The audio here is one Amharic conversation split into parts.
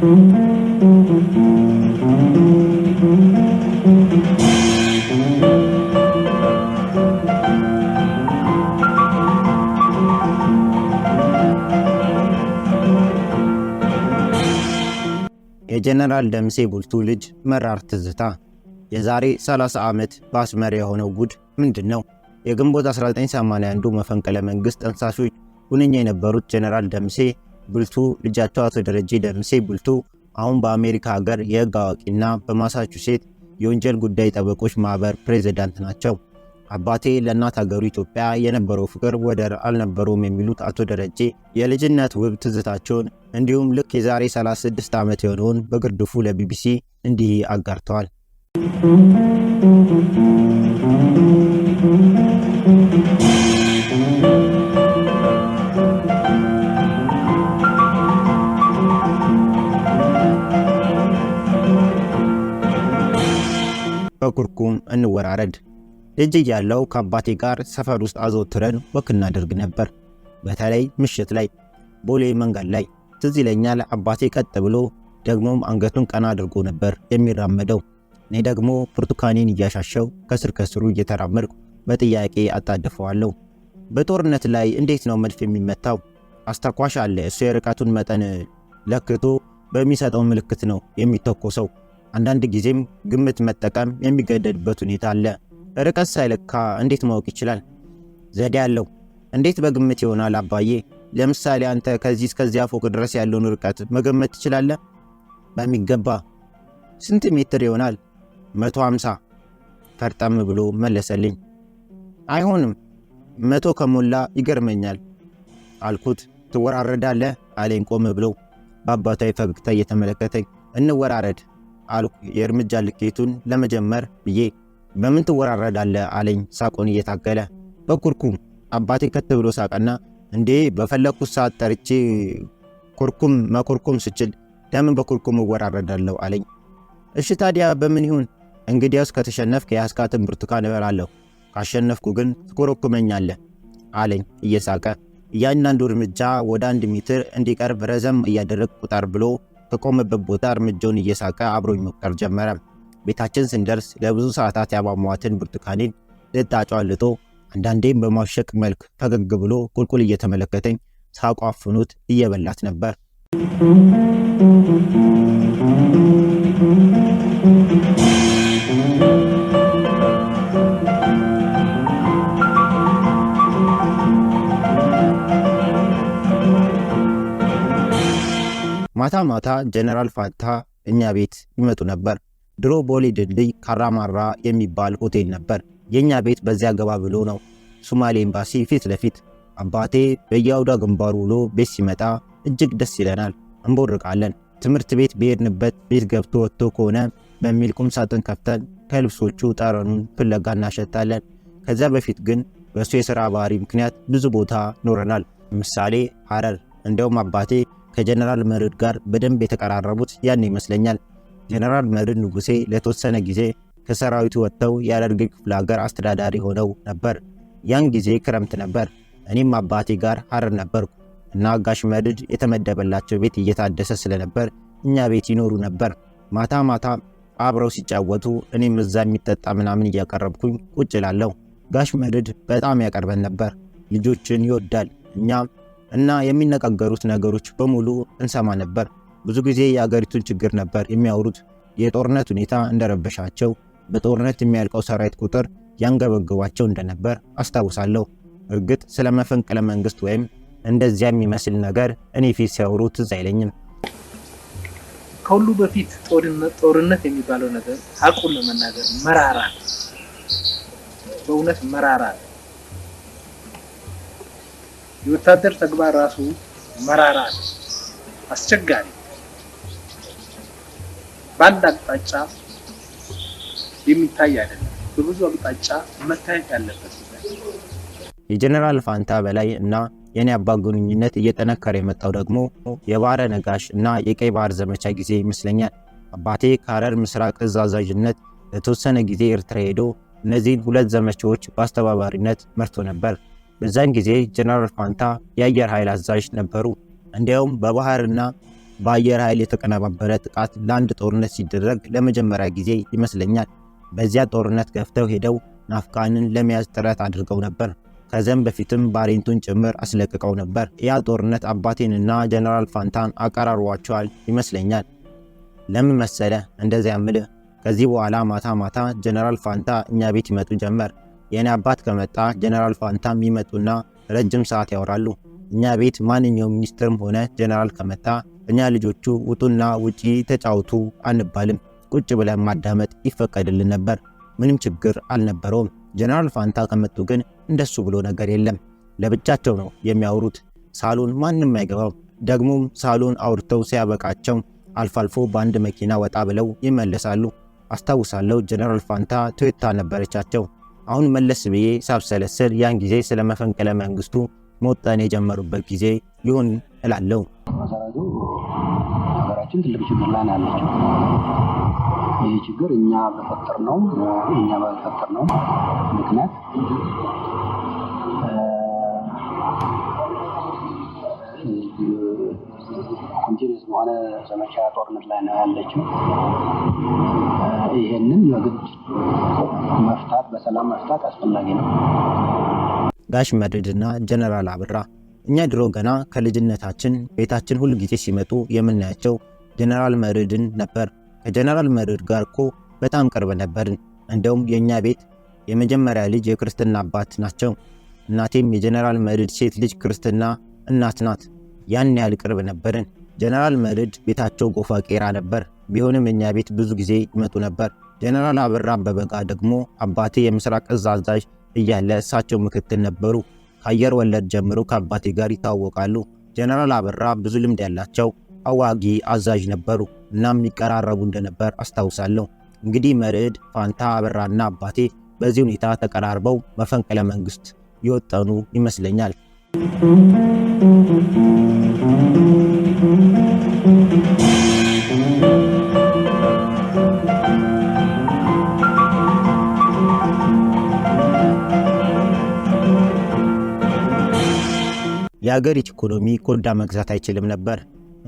የጀነራል ደምሴ ቡልቱ ልጅ መራር ትዝታ የዛሬ 30 ዓመት በአስመር የሆነው ጉድ ምንድን ነው? የግንቦት 1981 መፈንቅለ መንግሥት ጠንሳሾች ሁነኛ የነበሩት ጀነራል ደምሴ ብልቱ ልጃቸው አቶ ደረጀ ደምሴ ብልቱ አሁን በአሜሪካ ሀገር የህግ አዋቂና በማሳቹሴት የወንጀል ጉዳይ ጠበቆች ማህበር ፕሬዚዳንት ናቸው። አባቴ ለእናት ሀገሩ ኢትዮጵያ የነበረው ፍቅር ወደር አልነበረውም የሚሉት አቶ ደረጀ የልጅነት ውብ ትዝታቸውን እንዲሁም ልክ የዛሬ 36 ዓመት የሆነውን በግርድፉ ለቢቢሲ እንዲህ አጋርተዋል። በኩርኩም እንወራረድ። ልጅ ያለው ከአባቴ ጋር ሰፈር ውስጥ አዘወትረን ወክ እናደርግ ነበር። በተለይ ምሽት ላይ ቦሌ መንገድ ላይ ትዝ ይለኛል። አባቴ ቀጥ ብሎ ደግሞም አንገቱን ቀና አድርጎ ነበር የሚራመደው። እኔ ደግሞ ብርቱካኔን እያሻሸው ከስር ከስሩ እየተራመድኩ በጥያቄ አጣድፈዋለሁ። በጦርነት ላይ እንዴት ነው መድፍ የሚመታው? አስተኳሽ አለ። እሱ የርቀቱን መጠን ለክቶ በሚሰጠው ምልክት ነው የሚተኮሰው። አንዳንድ ጊዜም ግምት መጠቀም የሚገደድበት ሁኔታ አለ። ርቀት ሳይለካ እንዴት ማወቅ ይችላል? ዘዴ አለው። እንዴት በግምት ይሆናል አባዬ? ለምሳሌ አንተ ከዚህ እስከዚያ ፎቅ ድረስ ያለውን ርቀት መገመት ትችላለህ? በሚገባ። ስንት ሜትር ይሆናል? 150 ፈርጠም ብሎ መለሰልኝ። አይሆንም፣ መቶ ከሞላ ይገርመኛል አልኩት። ትወራረዳለህ አለኝ ቆም ብሎ በአባታዊ ፈገግታ እየተመለከተኝ። እንወራረድ አልኩ የእርምጃ ልኬቱን ለመጀመር ብዬ። በምን ትወራረዳለ አለኝ ሳቁን እየታገለ በኩርኩም አባቴ ከት ብሎ ሳቀና እንዴ በፈለግኩት ሰዓት ጠርቼ ኩርኩም መኩርኩም ስችል ለምን በኩርኩም እወራረዳለሁ አለኝ። እሺ ታዲያ በምን ይሁን እንግዲያውስ ከተሸነፍክ የያስካትን ብርቱካን እበላለሁ ካሸነፍኩ ግን ትኮረኩመኛለህ አለኝ እየሳቀ እያንዳንዱ እርምጃ ወደ አንድ ሜትር እንዲቀርብ ረዘም እያደረግ ቁጠር ብሎ ከቆመበት ቦታ እርምጃውን እየሳቀ አብሮኝ መቁጠር ጀመረ። ቤታችን ስንደርስ ለብዙ ሰዓታት ያሟሟትን ብርቱካኔን ልጣጫ ልጦ አንዳንዴም በማሸቅ መልክ ፈገግ ብሎ ቁልቁል እየተመለከተኝ ሳቋፍኑት እየበላት ነበር። ማታ ማታ ጀነራል ፋታ እኛ ቤት ይመጡ ነበር። ድሮ ቦሌ ድልድይ ካራማራ የሚባል ሆቴል ነበር። የእኛ ቤት በዚያ ገባ ብሎ ነው፣ ሱማሌ ኤምባሲ ፊት ለፊት። አባቴ በየአውዳ ግንባሩ ውሎ ቤት ሲመጣ እጅግ ደስ ይለናል፣ እንቦርቃለን። ትምህርት ቤት በሄድንበት ቤት ገብቶ ወጥቶ ከሆነ በሚል ቁም ሳጥን ከፍተን ከልብሶቹ ጠረኑን ፍለጋ እናሸታለን። ከዚያ በፊት ግን በእሱ የሥራ ባህሪ ምክንያት ብዙ ቦታ ኖረናል። ምሳሌ ሐረር። እንደውም አባቴ ከጀነራል መርድ ጋር በደንብ የተቀራረቡት ያን ይመስለኛል። ጀነራል መርድ ንጉሴ ለተወሰነ ጊዜ ከሰራዊቱ ወጥተው የሐረርጌ ክፍለ ሀገር አስተዳዳሪ ሆነው ነበር። ያን ጊዜ ክረምት ነበር። እኔም አባቴ ጋር ሀረር ነበርኩ እና አጋሽ መርድ የተመደበላቸው ቤት እየታደሰ ስለነበር እኛ ቤት ይኖሩ ነበር። ማታ ማታ አብረው ሲጫወቱ እኔም እዛ የሚጠጣ ምናምን እያቀረብኩኝ ቁጭ ላለሁ። ጋሽ መርድ በጣም ያቀርበን ነበር። ልጆችን ይወዳል። እኛም እና የሚነጋገሩት ነገሮች በሙሉ እንሰማ ነበር። ብዙ ጊዜ የአገሪቱን ችግር ነበር የሚያወሩት። የጦርነት ሁኔታ እንደረበሻቸው፣ በጦርነት የሚያልቀው ሰራዊት ቁጥር ያንገበግባቸው እንደነበር አስታውሳለሁ። እርግጥ ስለ መፈንቅለ መንግስት ወይም እንደዚያ የሚመስል ነገር እኔ ፊት ሲያወሩ ትዝ አይለኝም። ከሁሉ በፊት ጦርነት የሚባለው ነገር ሀቁን ለመናገር መራራ፣ በእውነት መራራ የወታደር ተግባር ራሱ መራራ ነው፣ አስቸጋሪ። በአንድ አቅጣጫ የሚታይ አይደለም፣ በብዙ አቅጣጫ መታየት ያለበት የጀኔራል ፋንታ በላይ እና የኔ አባ ግንኙነት እየጠነከረ የመጣው ደግሞ የባህረ ነጋሽ እና የቀይ ባህር ዘመቻ ጊዜ ይመስለኛል። አባቴ ከሐረር ምስራቅ እዝ አዛዥነት ለተወሰነ ጊዜ ኤርትራ ሄዶ እነዚህን ሁለት ዘመቻዎች በአስተባባሪነት መርቶ ነበር። በዛን ጊዜ ጀነራል ፋንታ የአየር ኃይል አዛዥ ነበሩ። እንዲያውም በባህርና በአየር ኃይል የተቀነባበረ ጥቃት ለአንድ ጦርነት ሲደረግ ለመጀመሪያ ጊዜ ይመስለኛል። በዚያ ጦርነት ገፍተው ሄደው ናፍቃንን ለመያዝ ጥረት አድርገው ነበር። ከዚያም በፊትም ባሬንቱን ጭምር አስለቅቀው ነበር። ያ ጦርነት አባቴንና ጀነራል ፋንታን አቀራርቧቸዋል ይመስለኛል። ለምን መሰለ እንደዚያ ምልህ፣ ከዚህ በኋላ ማታ ማታ ጀነራል ፋንታ እኛ ቤት ይመጡ ጀመር። የእኔ አባት ከመጣ ጀነራል ፋንታም ይመጡና ረጅም ሰዓት ያወራሉ። እኛ ቤት ማንኛውም ሚኒስትርም ሆነ ጀነራል ከመጣ እኛ ልጆቹ ውጡና ውጪ ተጫውቱ አንባልም። ቁጭ ብለን ማዳመጥ ይፈቀድልን ነበር። ምንም ችግር አልነበረውም። ጀነራል ፋንታ ከመጡ ግን እንደሱ ብሎ ነገር የለም። ለብቻቸው ነው የሚያወሩት። ሳሎን ማንም አይገባም። ደግሞም ሳሎን አውርተው ሲያበቃቸው አልፎ አልፎ በአንድ መኪና ወጣ ብለው ይመለሳሉ። አስታውሳለሁ ጀነራል ፋንታ ቶዮታ ነበረቻቸው። አሁን መለስ ብዬ ሳብሰለስል ያን ጊዜ ስለ መፈንቅለ መንግስቱ መውጠን የጀመሩበት ጊዜ ይሁን እላለሁ። መሰረቱ ሀገራችን ትልቅ ችግር ላይ ያለችው ይህ ችግር እኛ በፈጠር ነው እኛ በፈጠር ነው ምክንያት ኮንቲኒስ በሆነ ዘመቻ ጦርነት ላይ ነው ያለችው። ይህንን የግድ መፍታት በሰላም መፍታት አስፈላጊ ነው። ጋሽ መድድና ጀነራል አብራ እኛ ድሮ ገና ከልጅነታችን ቤታችን ሁል ጊዜ ሲመጡ የምናያቸው ጀነራል መርድን ነበር። ከጀነራል መርድ ጋር እኮ በጣም ቅርብ ነበርን። እንደውም የእኛ ቤት የመጀመሪያ ልጅ የክርስትና አባት ናቸው። እናቴም የጀነራል መርድ ሴት ልጅ ክርስትና እናት ናት። ያን ያህል ቅርብ ነበርን። ጀነራል መርድ ቤታቸው ጎፋ ቄራ ነበር። ቢሆንም እኛ ቤት ብዙ ጊዜ ይመጡ ነበር። ጀነራል አበራ በበጋ ደግሞ አባቴ የምስራቅ እዝ አዛዥ እያለ እሳቸው ምክትል ነበሩ። ከአየር ወለድ ጀምሮ ከአባቴ ጋር ይታወቃሉ። ጀነራል አበራ ብዙ ልምድ ያላቸው አዋጊ አዛዥ ነበሩ። እናም ይቀራረቡ እንደነበር አስታውሳለሁ። እንግዲህ መርዕድ፣ ፋንታ፣ አበራና አባቴ በዚህ ሁኔታ ተቀራርበው መፈንቅለ መንግስት የወጠኑ ይመስለኛል። የአገሪቱ ኢኮኖሚ ኮዳ መግዛት አይችልም ነበር።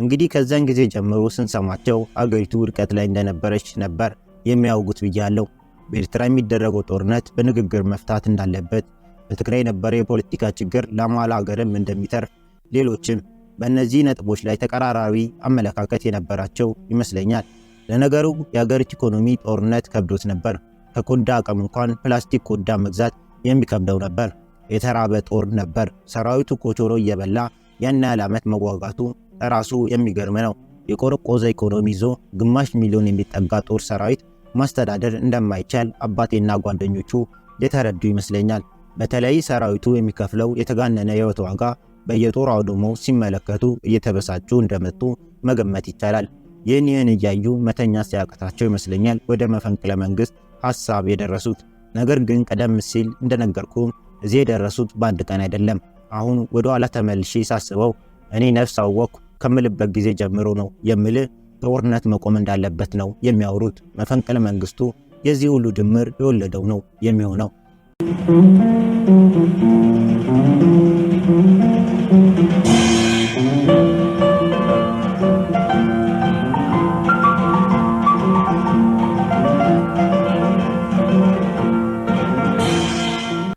እንግዲህ ከዛን ጊዜ ጀምሮ ስንሰማቸው አገሪቱ ውድቀት ላይ እንደነበረች ነበር የሚያውጉት አለው። በኤርትራ የሚደረገው ጦርነት በንግግር መፍታት እንዳለበት፣ በትግራይ የነበረ የፖለቲካ ችግር ለማላ አገርም እንደሚተርፍ ሌሎችም በእነዚህ ነጥቦች ላይ ተቀራራቢ አመለካከት የነበራቸው ይመስለኛል። ለነገሩ የአገሪቱ ኢኮኖሚ ጦርነት ከብዶት ነበር። ከኮዳ አቅም እንኳን ፕላስቲክ ኮዳ መግዛት የሚከብደው ነበር። የተራበ ጦር ነበር። ሰራዊቱ ኮቾሮ እየበላ ያን ያህል ዓመት መዋጋቱ ራሱ የሚገርም ነው። የቆረቆዘ ኢኮኖሚ ይዞ ግማሽ ሚሊዮን የሚጠጋ ጦር ሰራዊት ማስተዳደር እንደማይቻል አባቴና ጓደኞቹ የተረዱ ይመስለኛል። በተለይ ሰራዊቱ የሚከፍለው የተጋነነ የህይወት ዋጋ በየጦር አውድሞ ሲመለከቱ እየተበሳጩ እንደመጡ መገመት ይቻላል። ይህን ይህን እያዩ መተኛ ሲያቅታቸው ይመስለኛል ወደ መፈንቅለ መንግስት ሀሳብ የደረሱት። ነገር ግን ቀደም ሲል እንደነገርኩ እዚህ የደረሱት በአንድ ቀን አይደለም። አሁን ወደ ኋላ ተመልሼ ሳስበው እኔ ነፍስ አወቅኩ ከምልበት ጊዜ ጀምሮ ነው የምልህ ጦርነት መቆም እንዳለበት ነው የሚያወሩት። መፈንቅለ መንግስቱ የዚህ ሁሉ ድምር የወለደው ነው የሚሆነው።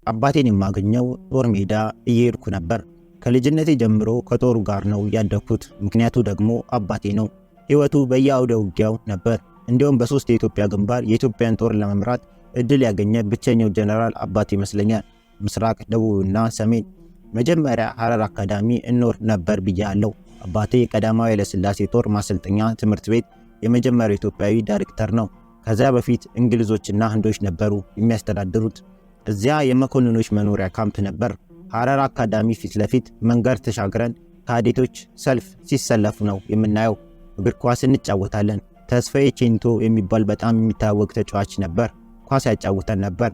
አባቴን የማገኘው ጦር ሜዳ እየሄድኩ ነበር። ከልጅነቴ ጀምሮ ከጦሩ ጋር ነው ያደግኩት። ምክንያቱ ደግሞ አባቴ ነው። ሕይወቱ በየአውደ ውጊያው ነበር። እንዲሁም በሶስት የኢትዮጵያ ግንባር የኢትዮጵያን ጦር ለመምራት እድል ያገኘ ብቸኛው ጀነራል አባቴ ይመስለኛል። ምስራቅ፣ ደቡብና ሰሜን መጀመሪያ ሀረር አካዳሚ እኖር ነበር ብያለው። አባቴ የቀዳማዊ ኃይለሥላሴ ጦር ማሰልጠኛ ትምህርት ቤት የመጀመሪያው ኢትዮጵያዊ ዳይሬክተር ነው። ከዚያ በፊት እንግሊዞችና ህንዶች ነበሩ የሚያስተዳድሩት። እዚያ የመኮንኖች መኖሪያ ካምፕ ነበር። ሀረር አካዳሚ ፊት ለፊት መንገድ ተሻግረን ካዴቶች ሰልፍ ሲሰለፉ ነው የምናየው። እግር ኳስ እንጫወታለን። ተስፋዬ ቼንቶ የሚባል በጣም የሚታወቅ ተጫዋች ነበር። ኳስ ያጫውተን ነበር።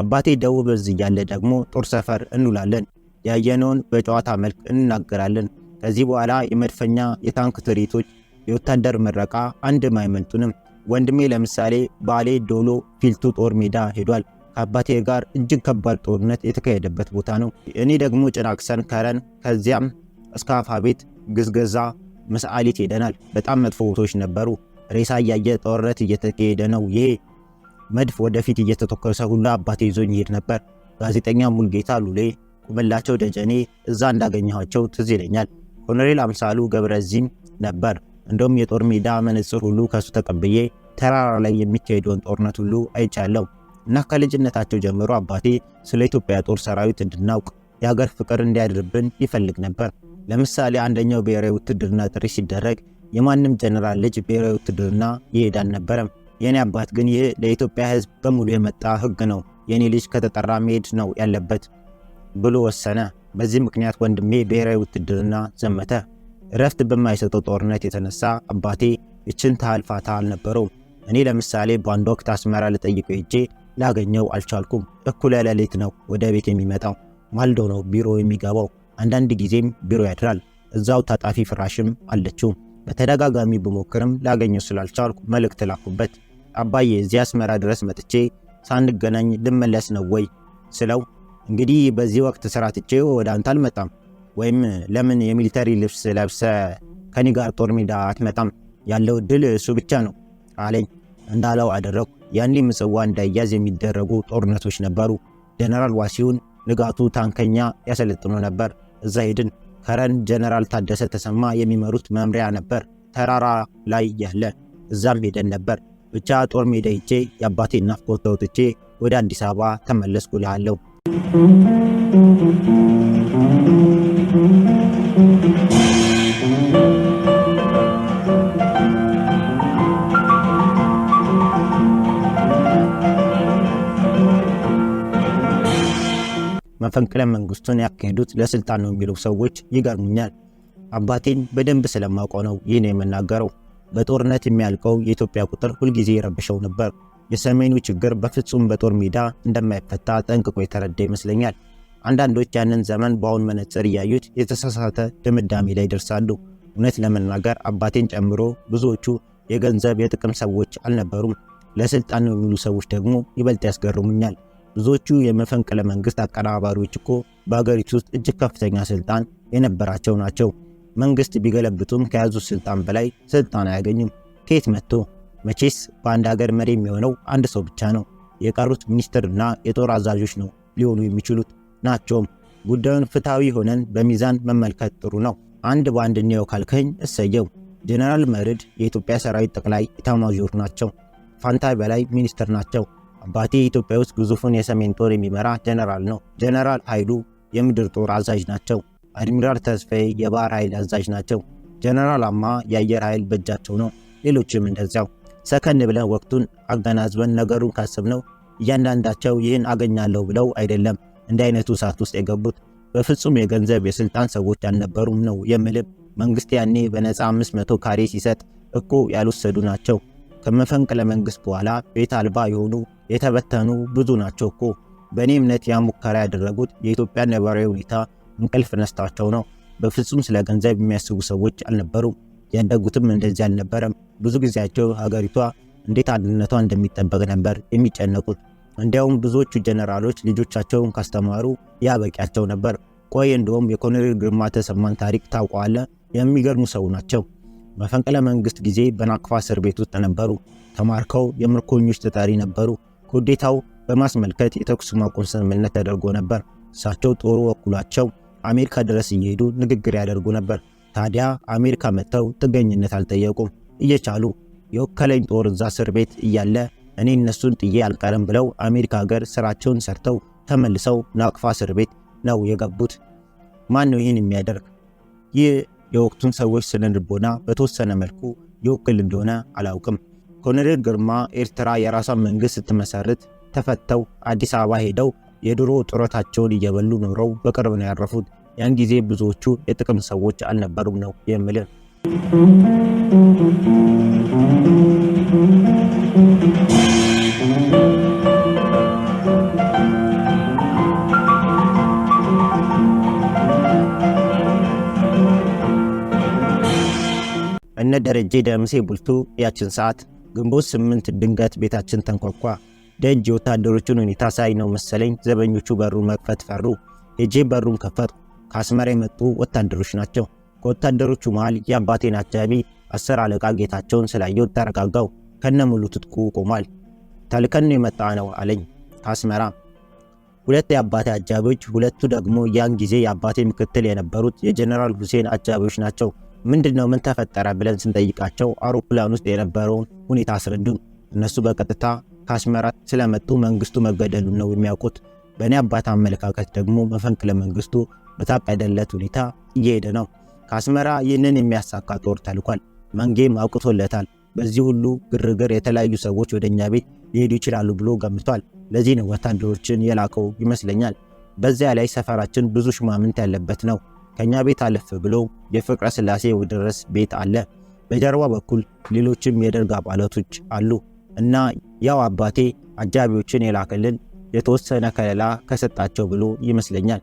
አባቴ ደቡብ እዝ እያለ ደግሞ ጦር ሰፈር እንውላለን። ያየነውን በጨዋታ መልክ እንናገራለን። ከዚህ በኋላ የመድፈኛ የታንክ ትርኢቶች፣ የወታደር ምረቃ አንድም አይመልጡንም። ወንድሜ ለምሳሌ ባሌ ዶሎ ፊልቱ ጦር ሜዳ ሄዷል። ከአባቴ ጋር እጅግ ከባድ ጦርነት የተካሄደበት ቦታ ነው። እኔ ደግሞ ጭናክሰን ከረን፣ ከዚያም እስከ ቤት ግዝገዛ፣ መስአሊት ሄደናል። በጣም መጥፎ ቦታዎች ነበሩ። ሬሳ እያየ ጦርነት እየተካሄደ ነው። ይሄ መድፍ ወደፊት እየተተኮሰ ሁላ አባቴ ይዞኝ ይሄድ ነበር። ጋዜጠኛ ሙልጌታ ሉሌ ቁምላቸው ደጀኔ እዛ እንዳገኘኋቸው ትዝ ይለኛል። ኮሎኔል አምሳሉ ገብረዚም ነበር። እንደውም የጦር ሜዳ መነጽር ሁሉ ከሱ ተቀብዬ ተራራ ላይ የሚካሄደውን ጦርነት ሁሉ አይቻለሁ እና ከልጅነታቸው ጀምሮ አባቴ ስለ ኢትዮጵያ ጦር ሰራዊት እንድናውቅ የሀገር ፍቅር እንዲያድርብን ይፈልግ ነበር። ለምሳሌ አንደኛው ብሔራዊ ውትድርና ጥሪ ሲደረግ የማንም ጀነራል ልጅ ብሔራዊ ውትድርና ይሄድ አልነበረም። የእኔ አባት ግን ይህ ለኢትዮጵያ ሕዝብ በሙሉ የመጣ ሕግ ነው፣ የእኔ ልጅ ከተጠራ መሄድ ነው ያለበት ብሎ ወሰነ። በዚህ ምክንያት ወንድሜ ብሔራዊ ውትድርና ዘመተ። እረፍት በማይሰጠው ጦርነት የተነሳ አባቴ ይችን ታልፋታ ፋታ አልነበረውም። እኔ ለምሳሌ በአንድ ወቅት አስመራ ልጠይቀው ሄጄ ላገኘው አልቻልኩም። እኩለ ሌሊት ነው ወደ ቤት የሚመጣው፣ ማልዶ ነው ቢሮ የሚገባው። አንዳንድ ጊዜም ቢሮ ያድራል። እዛው ታጣፊ ፍራሽም አለችው። በተደጋጋሚ ብሞክርም ላገኘው ስላልቻልኩ መልእክት ላኩበት። አባዬ እዚህ አስመራ ድረስ መጥቼ ሳንገናኝ ልመለስ ነው ወይ ስለው እንግዲህ በዚህ ወቅት ስራ ትቼ ወደ አንተ አልመጣም ወይም ለምን የሚሊተሪ ልብስ ለብሰ ከኔ ጋር ጦር ሜዳ አትመጣም? ያለው እድል እሱ ብቻ ነው አለኝ። እንዳለው አደረኩ። ያኔ ምጽዋ እንዳያዝ የሚደረጉ ጦርነቶች ነበሩ። ጀነራል ዋሲሁን ንጋቱ ታንከኛ ያሰለጥኖ ነበር። እዛ ሄድን። ከረን ጀነራል ታደሰ ተሰማ የሚመሩት መምሪያ ነበር ተራራ ላይ ያለ። እዛም ሄደን ነበር። ብቻ ጦር ሜዳ ይቼ የአባቴ ናፍቆት ተውጥቼ ወደ አዲስ አበባ ተመለስኩ እልሃለሁ። መፈንቅለ መንግስቱን ያካሄዱት ለስልጣን ነው የሚሉ ሰዎች ይገርሙኛል። አባቴን በደንብ ስለማውቀው ነው ይህን የምናገረው። በጦርነት የሚያልቀው የኢትዮጵያ ቁጥር ሁልጊዜ ይረብሸው ነበር። የሰሜኑ ችግር በፍጹም በጦር ሜዳ እንደማይፈታ ጠንቅቆ የተረዳ ይመስለኛል። አንዳንዶች ያንን ዘመን በአሁን መነጽር እያዩት የተሳሳተ ድምዳሜ ላይ ይደርሳሉ። እውነት ለመናገር አባቴን ጨምሮ ብዙዎቹ የገንዘብ የጥቅም ሰዎች አልነበሩም። ለስልጣን የሚሉ ሰዎች ደግሞ ይበልጥ ያስገርሙኛል። ብዙዎቹ የመፈንቅለ መንግስት አቀናባሪዎች እኮ በአገሪቱ ውስጥ እጅግ ከፍተኛ ስልጣን የነበራቸው ናቸው። መንግስት ቢገለብጡም ከያዙት ስልጣን በላይ ስልጣን አያገኙም። ከየት መጥቶ መቼስ በአንድ ሀገር መሪ የሚሆነው አንድ ሰው ብቻ ነው። የቀሩት ሚኒስትርና የጦር አዛዦች ነው ሊሆኑ የሚችሉት ናቸውም። ጉዳዩን ፍትሐዊ ሆነን በሚዛን መመልከት ጥሩ ነው። አንድ በአንድ እንየው ካልከኝ እሰየው። ጀነራል መርድ የኢትዮጵያ ሰራዊት ጠቅላይ ኢታማዦር ናቸው። ፋንታ በላይ ሚኒስትር ናቸው። አባቴ ኢትዮጵያ ውስጥ ግዙፉን የሰሜን ጦር የሚመራ ጀነራል ነው። ጀነራል ኃይሉ የምድር ጦር አዛዥ ናቸው። አድሚራል ተስፋዬ የባህር ኃይል አዛዥ ናቸው። ጀነራል አማ የአየር ኃይል በእጃቸው ነው። ሌሎችም እንደዚያው ሰከን ብለን ወቅቱን አገናዝበን ነገሩን ካስብነው እያንዳንዳቸው ይህን አገኛለሁ ብለው አይደለም እንደ አይነቱ እሳት ውስጥ የገቡት። በፍጹም የገንዘብ የስልጣን ሰዎች አልነበሩም ነው የምልብ። መንግስት ያኔ በነፃ 500 ካሬ ሲሰጥ እኮ ያልወሰዱ ናቸው። ከመፈንቅለ መንግስት በኋላ ቤት አልባ የሆኑ የተበተኑ ብዙ ናቸው እኮ። በእኔ እምነት ያ ሙከራ ያደረጉት የኢትዮጵያ ነባራዊ ሁኔታ እንቅልፍ ነስታቸው ነው። በፍጹም ስለ ገንዘብ የሚያስቡ ሰዎች አልነበሩም። ያደጉትም እንደዚህ አልነበረም። ብዙ ጊዜያቸው ሀገሪቷ እንዴት አንድነቷ እንደሚጠበቅ ነበር የሚጨነቁት። እንዲያውም ብዙዎቹ ጀነራሎች ልጆቻቸውን ካስተማሩ ያበቂያቸው ነበር። ቆይ እንደውም የኮሎኔል ግርማ ተሰማን ታሪክ ታውቋለ? የሚገርሙ ሰው ናቸው። መፈንቅለ መንግስት ጊዜ በናቅፋ እስር ቤት ውስጥ ነበሩ። ተማርከው የምርኮኞች ተጠሪ ነበሩ። ኩዴታው በማስመልከት የተኩስ ማቆም ስምምነት ተደርጎ ነበር። እሳቸው ጦሩ ወኩሏቸው አሜሪካ ድረስ እየሄዱ ንግግር ያደርጉ ነበር። ታዲያ አሜሪካ መጥተው ጥገኝነት አልጠየቁም። እየቻሉ የወከለኝ ጦር እዛ እስር ቤት እያለ እኔ እነሱን ጥዬ አልቀረም ብለው አሜሪካ ሀገር ስራቸውን ሰርተው ተመልሰው ናቅፋ እስር ቤት ነው የገቡት። ማን ነው ይህን የሚያደርግ? ይህ የወቅቱን ሰዎች ስነ ልቦና በተወሰነ መልኩ ይወክል እንደሆነ አላውቅም። ኮሎኔል ግርማ ኤርትራ የራሷን መንግስት ስትመሰርት ተፈተው አዲስ አበባ ሄደው የድሮ ጡረታቸውን እየበሉ ኖረው በቅርብ ነው ያረፉት። ያን ጊዜ ብዙዎቹ የጥቅም ሰዎች አልነበሩም ነው የምልህ። እነ ደረጀ ደምሴ ቡልቶ ያችን ሰዓት ግንቦት ስምንት ድንገት ቤታችን ተንኳኳ። ደጅ የወታደሮቹን ሁኔታ ሳይ ነው መሰለኝ ዘበኞቹ በሩን መክፈት ፈሩ። ሄጄ በሩን ከፈትኩ። ከአስመራ የመጡ ወታደሮች ናቸው። ከወታደሮቹ መሃል የአባቴን አጃቢ አስር አለቃ ጌታቸውን ስላየው ተረጋጋው። ከነ ሙሉ ትጥቁ ቆሟል። ተልከን የመጣ ነው አለኝ ከአስመራ። ሁለት የአባቴ አጃቢዎች፣ ሁለቱ ደግሞ ያን ጊዜ የአባቴ ምክትል የነበሩት የጀኔራል ሁሴን አጃቢዎች ናቸው። ምንድን ነው ምን ተፈጠረ ብለን ስንጠይቃቸው አውሮፕላን ውስጥ የነበረውን ሁኔታ አስረዱን። እነሱ በቀጥታ ከአስመራ ስለመጡ መንግስቱ መገደሉን ነው የሚያውቁት። በእኔ አባት አመለካከት ደግሞ መፈንቅለ መንግስቱ በታቀደለት ሁኔታ እየሄደ ነው። ከአስመራ ይህንን የሚያሳካ ጦር ተልኳል። መንጌም አውቅቶለታል። በዚህ ሁሉ ግርግር የተለያዩ ሰዎች ወደ እኛ ቤት ሊሄዱ ይችላሉ ብሎ ገምቷል። ለዚህ ነው ወታደሮችን የላከው ይመስለኛል። በዚያ ላይ ሰፈራችን ብዙ ሽማምንት ያለበት ነው። ከእኛ ቤት አለፍ ብሎ የፍቅረ ስላሴ ውድረስ ቤት አለ። በጀርባ በኩል ሌሎችም የደርግ አባላቶች አሉ እና ያው አባቴ አጃቢዎችን የላከልን የተወሰነ ከለላ ከሰጣቸው ብሎ ይመስለኛል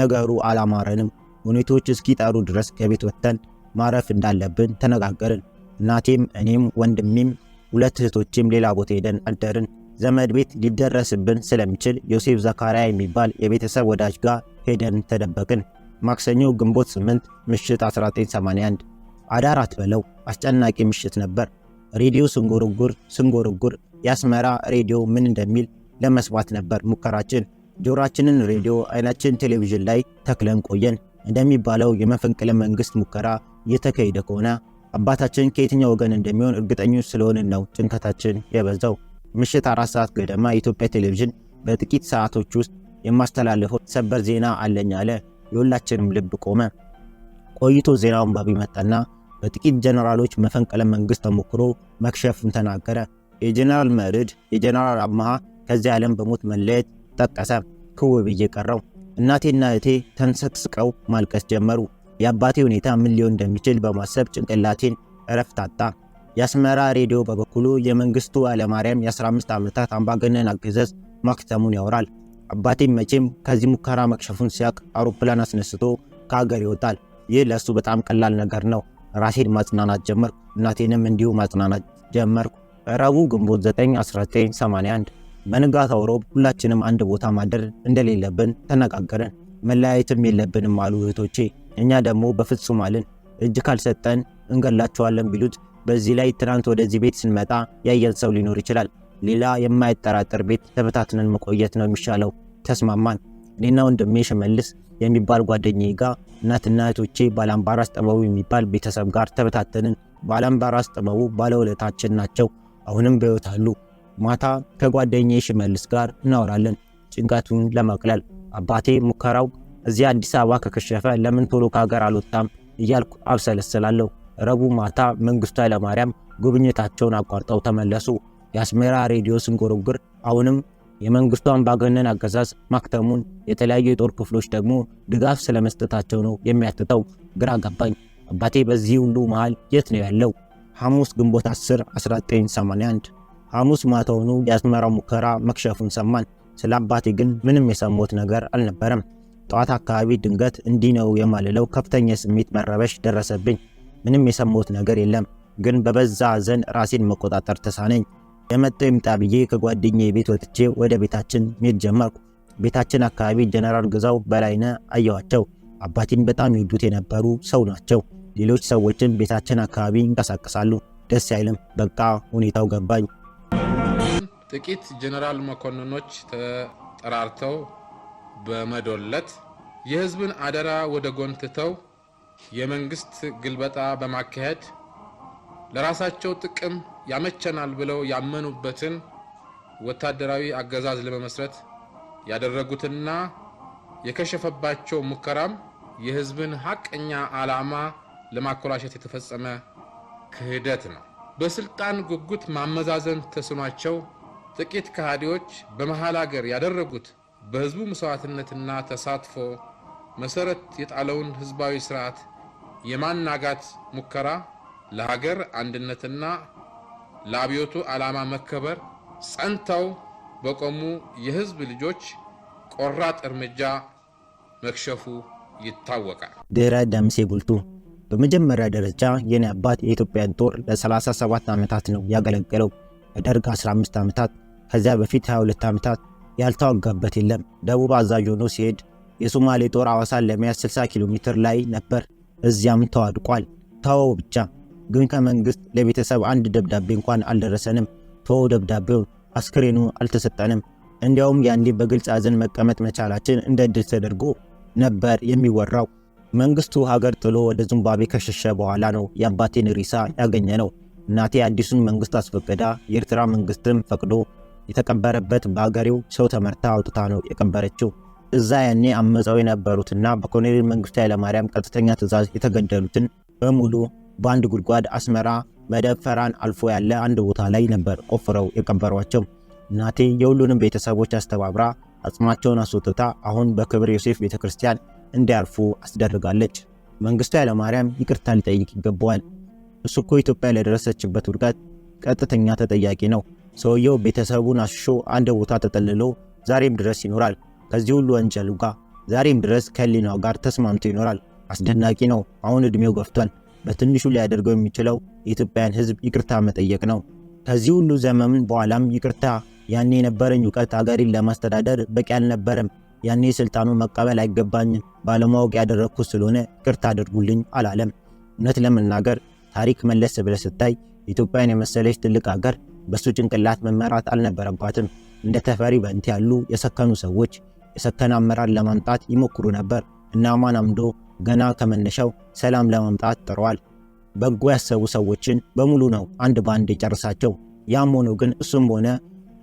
ነገሩ አላማረንም። ሁኔቶች እስኪጠሩ ድረስ ከቤት ወጥተን ማረፍ እንዳለብን ተነጋገርን። እናቴም እኔም ወንድሜም ሁለት እህቶችም ሌላ ቦታ ሄደን አደርን። ዘመድ ቤት ሊደረስብን ስለሚችል ዮሴፍ ዘካርያ የሚባል የቤተሰብ ወዳጅ ጋር ሄደን ተደበቅን። ማክሰኞ ግንቦት 8 ምሽት 1981 አዳር አትበለው አስጨናቂ ምሽት ነበር። ሬዲዮ ስንጎርጉር ስንጎርጉር የአስመራ ሬዲዮ ምን እንደሚል ለመስማት ነበር ሙከራችን። ጆሮአችንን ሬዲዮ፣ አይናችን ቴሌቪዥን ላይ ተክለን ቆየን እንደሚባለው የመፈንቅለ መንግስት ሙከራ እየተካሄደ ከሆነ አባታችን ከየትኛው ወገን እንደሚሆን እርግጠኞች ስለሆንን ነው ጭንቀታችን የበዛው። ምሽት አራት ሰዓት ገደማ የኢትዮጵያ ቴሌቪዥን በጥቂት ሰዓቶች ውስጥ የማስተላለፈው ሰበር ዜና አለኝ አለ። የሁላችንም ልብ ቆመ። ቆይቶ ዜናው አንባቢ መጣና በጥቂት ጀነራሎች መፈንቅለ መንግስት ተሞክሮ መክሸፉን ተናገረ። የጀነራል መርድ፣ የጀነራል አመሃ ከዚህ ዓለም በሞት መለየት ጠቀሰ። ክውብ እየቀረው እናቴና እህቴ ተንሰቅስቀው ማልቀስ ጀመሩ። የአባቴ ሁኔታ ምን ሊሆን እንደሚችል በማሰብ ጭንቅላቴን እረፍት አጣ። የአስመራ ሬዲዮ በበኩሉ የመንግስቱ ኃይለማርያም የ15 ዓመታት አምባገነን አገዛዝ ማክተሙን ያወራል። አባቴም መቼም ከዚህ ሙከራ መክሸፉን ሲያቅ አውሮፕላን አስነስቶ ከሀገር ይወጣል። ይህ ለእሱ በጣም ቀላል ነገር ነው። ራሴን ማጽናናት ጀመርኩ። እናቴንም እንዲሁ ማጽናናት ጀመርኩ። ረቡዕ ግንቦት 9 1981 በንጋታው ሮብ ሁላችንም አንድ ቦታ ማደር እንደሌለብን ተነጋገርን። መለያየትም የለብንም አሉ እህቶቼ። እኛ ደግሞ በፍጹም አልን። እጅ ካልሰጠን እንገላቸዋለን ቢሉት፣ በዚህ ላይ ትናንት ወደዚህ ቤት ስንመጣ ያየን ሰው ሊኖር ይችላል። ሌላ የማይጠራጠር ቤት ተበታትነን መቆየት ነው የሚሻለው። ተስማማን። እኔና ወንድሜ ሽመልስ የሚባል ጓደኛዬ ጋር እናትና እህቶቼ ባላምባራስ ጥበቡ የሚባል ቤተሰብ ጋር ተበታተንን። ባላምባራስ ጥበቡ ባለውለታችን ናቸው። አሁንም በሕይወት አሉ። ማታ ከጓደኛ ሽመልስ ጋር እናወራለን ጭንቀቱን ለመቅለል። አባቴ ሙከራው እዚህ አዲስ አበባ ከከሸፈ ለምን ቶሎ ከሀገር አልወጣም እያልኩ አብሰለስላለሁ። ረቡዕ ማታ መንግስቱ ኃይለማርያም ጉብኝታቸውን አቋርጠው ተመለሱ። የአስሜራ ሬዲዮ ስንጎረጉር አሁንም የመንግስቱ አምባገነን አገዛዝ ማክተሙን፣ የተለያዩ የጦር ክፍሎች ደግሞ ድጋፍ ስለመስጠታቸው ነው የሚያትተው። ግራ ገባኝ። አባቴ በዚህ ሁሉ መሃል የት ነው ያለው? ሐሙስ ግንቦት 10 1981 ሐሙስ ማታውኑ የአስመራው ሙከራ መክሸፉን ሰማን። ስለ አባቴ ግን ምንም የሰሙት ነገር አልነበረም። ጠዋት አካባቢ ድንገት እንዲህ ነው የማልለው ከፍተኛ ስሜት መረበሽ ደረሰብኝ። ምንም የሰሙት ነገር የለም፣ ግን በበዛ ሐዘን ራሴን መቆጣጠር ተሳነኝ። የመጣው ይምጣ ብዬ ከጓደኛ ቤት ወጥቼ ወደ ቤታችን መሄድ ጀመርኩ። ቤታችን አካባቢ ጀነራል ግዛው በላይነ አየኋቸው። አባቴን በጣም ይወዱት የነበሩ ሰው ናቸው። ሌሎች ሰዎችን ቤታችን አካባቢ ይንቀሳቀሳሉ። ደስ አይልም። በቃ ሁኔታው ገባኝ። ጥቂት ጀነራል መኮንኖች ተጠራርተው በመዶለት የህዝብን አደራ ወደ ጎን ትተው የመንግስት ግልበጣ በማካሄድ ለራሳቸው ጥቅም ያመቸናል ብለው ያመኑበትን ወታደራዊ አገዛዝ ለመመስረት ያደረጉትና የከሸፈባቸው ሙከራም የህዝብን ሀቀኛ ዓላማ ለማኮላሸት የተፈጸመ ክህደት ነው። በስልጣን ጉጉት ማመዛዘን ተስኗቸው ጥቂት ከሃዲዎች በመሃል አገር ያደረጉት በህዝቡ መስዋዕትነትና ተሳትፎ መሰረት የጣለውን ህዝባዊ ስርዓት የማናጋት ሙከራ ለሀገር አንድነትና ለአብዮቱ ዓላማ መከበር ጸንተው በቆሙ የህዝብ ልጆች ቆራጥ እርምጃ መክሸፉ ይታወቃል። ድህረ ደምሴ ጉልቱ በመጀመሪያ ደረጃ የኔ አባት የኢትዮጵያን ጦር ለ37 ዓመታት ነው ያገለገለው። በደርግ 15 ዓመታት ከዚያ በፊት 22 ዓመታት ያልተዋጋበት የለም። ደቡብ አዛዥ ሆኖ ሲሄድ የሶማሌ ጦር አዋሳን ለመያዝ 60 ኪሎ ሜትር ላይ ነበር። እዚያም ተዋድቋል። ተወው ብቻ ግን ከመንግስት ለቤተሰብ አንድ ደብዳቤ እንኳን አልደረሰንም። ተወው ደብዳቤውን፣ አስክሬኑ አልተሰጠንም። እንዲያውም ያንዴ በግልጽ አዘን መቀመጥ መቻላችን እንደ ተደርጎ ነበር የሚወራው። መንግስቱ ሀገር ጥሎ ወደ ዚምባብዌ ከሸሸ በኋላ ነው የአባቴን ሪሳ ያገኘ ነው። እናቴ አዲሱን መንግስት አስፈቅዳ የኤርትራ መንግስትም ፈቅዶ የተቀበረበት በአገሬው ሰው ተመርታ አውጥታ ነው የቀበረችው። እዛ ያኔ አመፀው የነበሩትና በኮሎኔል መንግስቱ ኃይለማርያም ቀጥተኛ ትዕዛዝ የተገደሉትን በሙሉ በአንድ ጉድጓድ አስመራ መደፈራን አልፎ ያለ አንድ ቦታ ላይ ነበር ቆፍረው የቀበሯቸው። እናቴ የሁሉንም ቤተሰቦች አስተባብራ አጽማቸውን አስወጥታ አሁን በክብር ዮሴፍ ቤተ ክርስቲያን እንዲያርፉ አስደርጋለች። መንግስቱ ኃይለማርያም ይቅርታ ሊጠይቅ ይገባዋል። እሱ እኮ ኢትዮጵያ ለደረሰችበት ውድቀት ቀጥተኛ ተጠያቂ ነው። ሰውየው ቤተሰቡን አሽሾ አንድ ቦታ ተጠልሎ ዛሬም ድረስ ይኖራል። ከዚህ ሁሉ ወንጀሉ ጋር ዛሬም ድረስ ከህሊናው ጋር ተስማምቶ ይኖራል። አስደናቂ ነው። አሁን እድሜው ገፍቷል። በትንሹ ሊያደርገው የሚችለው የኢትዮጵያን ህዝብ ይቅርታ መጠየቅ ነው። ከዚህ ሁሉ ዘመን በኋላም ይቅርታ ያኔ የነበረኝ እውቀት አገሪን ለማስተዳደር በቂ አልነበረም፣ ያኔ ስልጣኑ መቀበል አይገባኝም፣ ባለማወቅ ያደረግኩት ስለሆነ ይቅርታ አድርጉልኝ አላለም። እውነት ለመናገር ታሪክ መለስ ብለህ ስታይ ኢትዮጵያን የመሰለች ትልቅ ሀገር በሱ ጭንቅላት መመራት አልነበረባትም። እንደ ተፈሪ በንቲ ያሉ የሰከኑ ሰዎች የሰከነ አመራር ለማምጣት ይሞክሩ ነበር እና አማን አምዶ ገና ከመነሻው ሰላም ለማምጣት ጥረዋል። በጎ ያሰቡ ሰዎችን በሙሉ ነው አንድ በአንድ የጨርሳቸው። ያም ሆኖ ግን እሱም ሆነ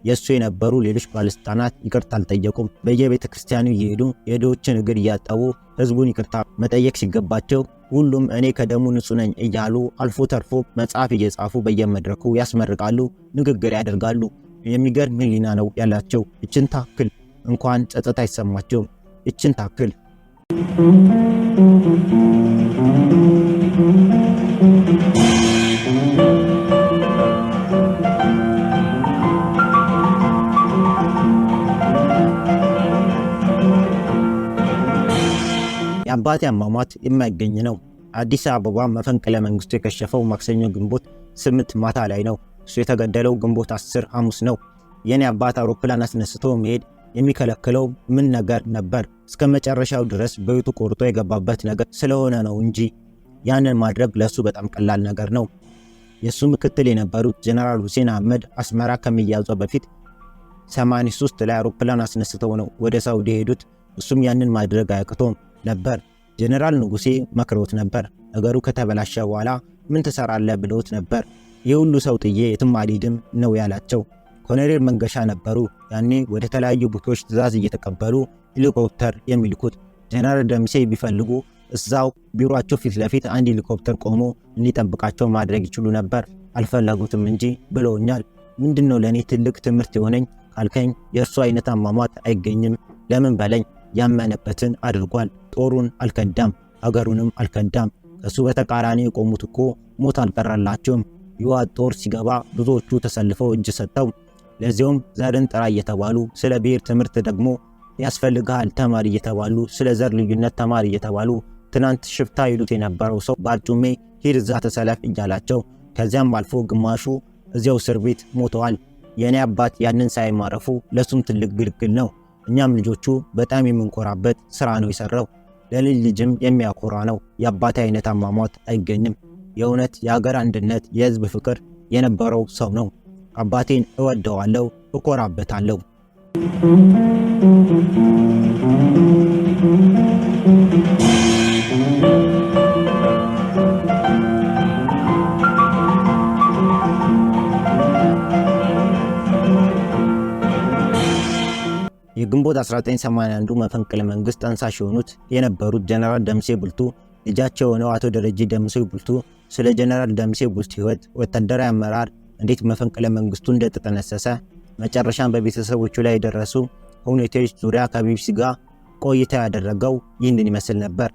የእሱ የነበሩ ሌሎች ባለስልጣናት ይቅርታ አልጠየቁም። በየቤተ ክርስቲያኑ እየሄዱ የድሆችን እግር እያጠቡ ህዝቡን ይቅርታ መጠየቅ ሲገባቸው ሁሉም እኔ ከደሙ ንጹህ ነኝ እያሉ አልፎ ተርፎ መጽሐፍ እየጻፉ በየመድረኩ ያስመርቃሉ፣ ንግግር ያደርጋሉ። የሚገርም ሕሊና ነው ያላቸው። እችን ታክል እንኳን ጸጥታ አይሰማቸውም። እችን ታክል Thank you. የአባቴ አሟሟት የማይገኝ ነው። አዲስ አበባ መፈንቅለ መንግስቱ የከሸፈው ማክሰኞ ግንቦት ስምንት ማታ ላይ ነው። እሱ የተገደለው ግንቦት አስር ሐሙስ ነው። የኔ አባት አውሮፕላን አስነስቶ መሄድ የሚከለክለው ምን ነገር ነበር? እስከ መጨረሻው ድረስ በቤቱ ቆርጦ የገባበት ነገር ስለሆነ ነው እንጂ ያንን ማድረግ ለእሱ በጣም ቀላል ነገር ነው። የእሱ ምክትል የነበሩት ጀነራል ሁሴን አህመድ አስመራ ከሚያዟ በፊት 83 ላይ አውሮፕላን አስነስተው ነው ወደ ሳውዲ ሄዱት። እሱም ያንን ማድረግ አያቅቶም። ነበር። ጀነራል ንጉሴ መክሮት ነበር። ነገሩ ከተበላሸ በኋላ ምን ትሰራለህ ብሎት ነበር። የሁሉ ሰው ጥዬ የትም አልሄድም ነው ያላቸው። ኮሎኔል መንገሻ ነበሩ ያኔ ወደ ተለያዩ ቦታዎች ትእዛዝ እየተቀበሉ ሄሊኮፕተር የሚልኩት። ጀነራል ደምሴ ቢፈልጉ እዛው ቢሮቸው ፊት ለፊት አንድ ሄሊኮፕተር ቆሞ እንዲጠብቃቸው ማድረግ ይችሉ ነበር። አልፈለጉትም እንጂ ብለውኛል። ምንድን ነው ለእኔ ትልቅ ትምህርት የሆነኝ ካልከኝ የእርሱ አይነት አሟሟት አይገኝም። ለምን በለኝ። ያመነበትን አድርጓል። ጦሩን አልከዳም፣ አገሩንም አልከዳም። ከሱ በተቃራኒ የቆሙት እኮ ሞት አልቀረላቸውም። የዋት ጦር ሲገባ ብዙዎቹ ተሰልፈው እጅ ሰጥተው፣ ለዚውም ዘርን ጥራ እየተባሉ ስለ ብሔር ትምህርት ደግሞ ያስፈልግሃል ተማሪ እየተባሉ ስለ ዘር ልዩነት ተማሪ እየተባሉ ትናንት ሽፍታ ይሉት የነበረው ሰው በአርጩሜ ሂድ እዛ ተሰለፍ እያላቸው ከዚያም አልፎ ግማሹ እዚያው እስር ቤት ሞተዋል። የእኔ አባት ያንን ሳይማረፉ ለሱም ትልቅ ግልግል ነው። እኛም ልጆቹ በጣም የምንኮራበት ስራ ነው የሰራው። ለልጅ ልጅም የሚያኮራ ነው። የአባቴ አይነት አሟሟት አይገኝም። የእውነት የአገር አንድነት፣ የህዝብ ፍቅር የነበረው ሰው ነው። አባቴን እወደዋለሁ፣ እኮራበታለሁ። Thank የግንቦት 1981 መፈንቅለ መንግስት ጠንሳሽ የሆኑት የነበሩት ጀነራል ደምሴ ቡልቱ ልጃቸው የሆነው አቶ ደረጀ ደምሴ ቡልቱ ስለ ጀነራል ደምሴ ቡልቱ ህይወት፣ ወታደራዊ አመራር እንዴት መፈንቅለ መንግስቱ እንደተጠነሰሰ፣ መጨረሻን በቤተሰቦቹ ላይ የደረሱ ሁኔታዎች ዙሪያ ከቢቢሲ ጋር ቆይታ ያደረገው ይህንን ይመስል ነበር።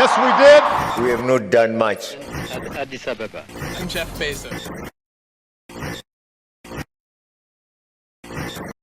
Yes, we did. We have not done much. Addis Ababa. I'm Jeff Bezos.